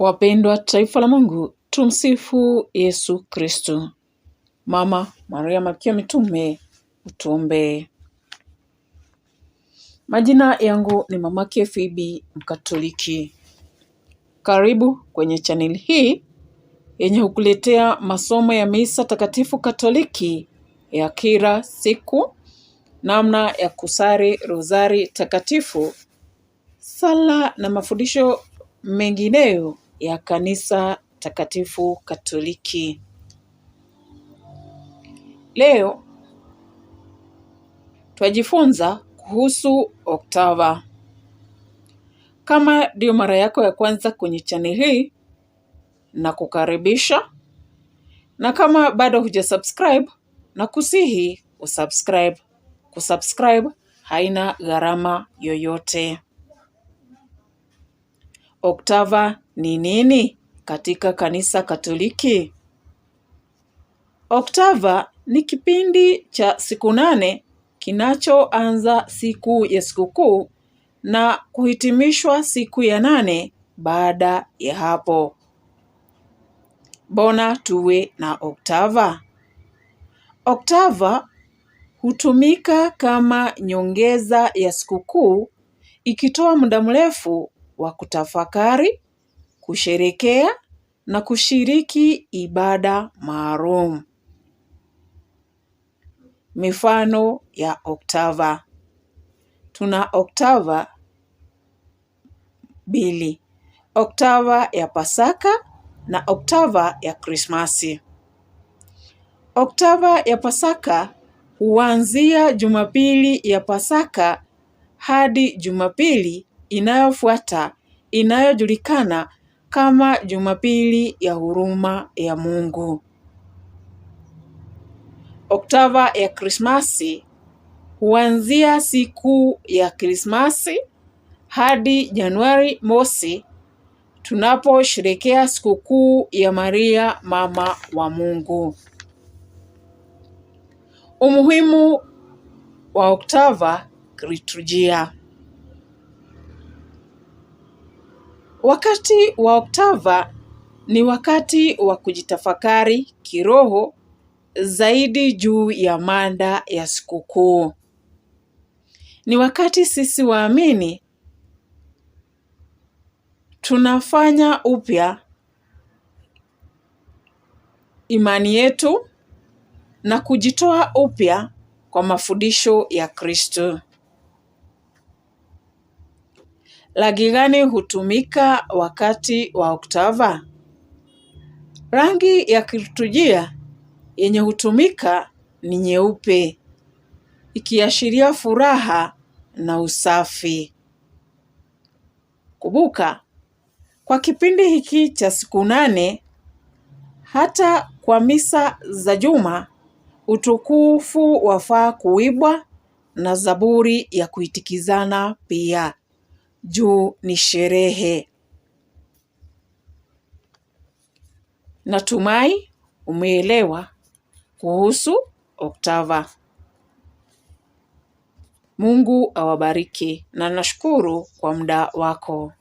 Wapendwa taifa la Mungu, tumsifu Yesu Kristu. Mama Maria Malkia Mitume utuombee. Majina yangu ni mamake Kefibi Mkatoliki. Karibu kwenye chaneli hii yenye hukuletea masomo ya misa takatifu Katoliki ya kila siku, namna ya kusari rozari takatifu, sala na mafundisho mengineyo ya Kanisa Takatifu Katoliki. Leo twajifunza kuhusu oktava. Kama ndio mara yako ya kwanza kwenye chaneli hii, na kukaribisha, na kama bado hujasubscribe, na kusihi usubscribe. Kusubscribe haina gharama yoyote. Oktava ni nini katika Kanisa Katoliki? Oktava ni kipindi cha siku nane kinachoanza siku ya sikukuu na kuhitimishwa siku ya nane baada ya hapo. Bona tuwe na oktava. Oktava hutumika kama nyongeza ya sikukuu, ikitoa muda mrefu wa kutafakari, kusherekea na kushiriki ibada maalum. Mifano ya oktava: tuna oktava mbili, oktava ya Pasaka na oktava ya Krismasi. Oktava ya Pasaka huanzia Jumapili ya Pasaka hadi Jumapili inayofuata inayojulikana kama Jumapili ya huruma ya Mungu. Oktava ya Krismasi huanzia siku ya Krismasi hadi Januari mosi tunaposherekea sikukuu ya Maria mama wa Mungu. Umuhimu wa oktava liturujia. Wakati wa oktava ni wakati wa kujitafakari kiroho zaidi juu ya mada ya sikukuu. Ni wakati sisi waamini tunafanya upya imani yetu na kujitoa upya kwa mafundisho ya Kristo. Rangi gani hutumika wakati wa oktava? Rangi ya kiliturujia yenye hutumika ni nyeupe, ikiashiria furaha na usafi. Kumbuka, kwa kipindi hiki cha siku nane, hata kwa misa za juma, utukufu wafaa kuibwa na zaburi ya kuitikizana pia juu ni sherehe. Natumai umeelewa kuhusu oktava. Mungu awabariki na nashukuru kwa muda wako.